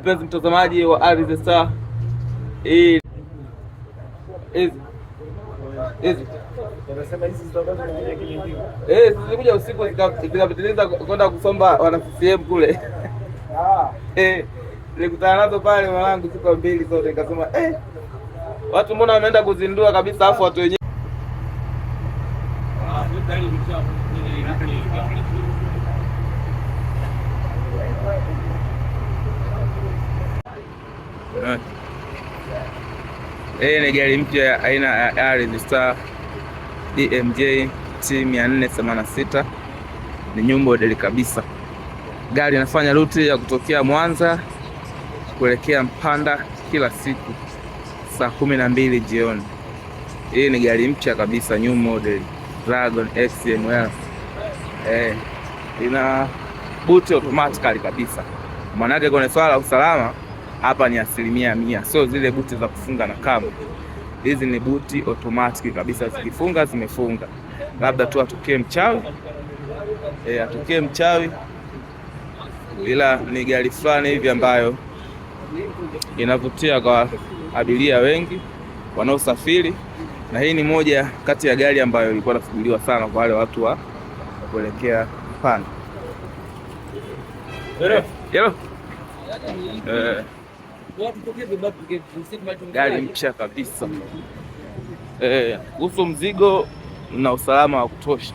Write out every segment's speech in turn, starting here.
mpenzi mtazamaji wa Ali The Star, hii eh, zilikuja eh, eh, usiku zikapitiliza kwenda kusomba wana CCM kule. Nilikutana nazo pale mwanangu, siku mbili zote, nikasema eh, watu mbona wameenda kuzindua kabisa, afu watu wenyewe Eh, hii ni gari mpya aina ya Ardhi Star DMJ T 486 ni nyumba model kabisa. Gari inafanya ruti ya kutokea Mwanza kuelekea Mpanda kila siku saa kumi na mbili jioni. Hii ni gari mpya kabisa new model Dragon XML. Eh, ina boot automatically kabisa. Maana kwenye swala la usalama hapa ni asilimia mia, sio zile buti za kufunga na kamba. Hizi ni buti automatic kabisa, zikifunga zimefunga. Labda tu atokee mchawi e, atokee mchawi, ila ni gari fulani hivi ambayo inavutia kwa abiria wengi wanaosafiri, na hii ni moja kati ya gari ambayo ilikuwa inafunguliwa sana kwa wale watu wa kuelekea pande. Hello. Hello. Eh. Gari mpya kabisa eh, kuhusu e, mzigo na usalama wa kutosha.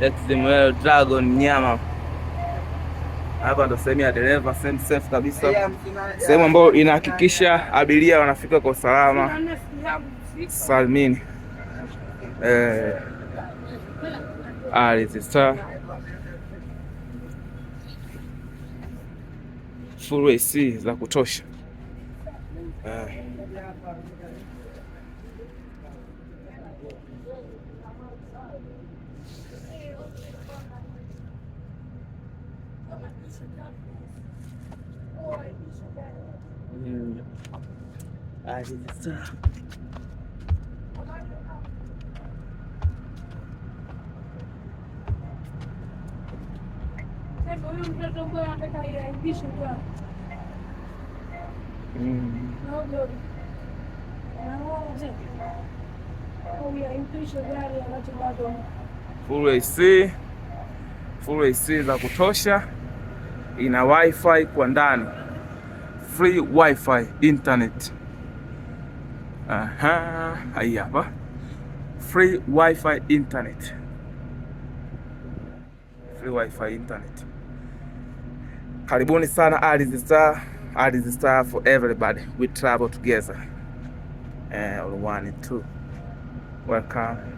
XML Dragon nyama. Hapa ndo sehemu ya dereva, sehemu safe kabisa, sehemu ambayo inahakikisha abiria wanafika kwa usalama salmini. Eh, alizisa ah, full AC za kutosha eh. Hadi sasa mm. full AC, full AC za kutosha, ina wifi kwa ndani, free wifi internet. Aha, hai hapa free wifi internet, free wifi internet. Karibuni sana Ardhi Star, Ardhi Star for everybody, we travel together. Eh, one two, welcome.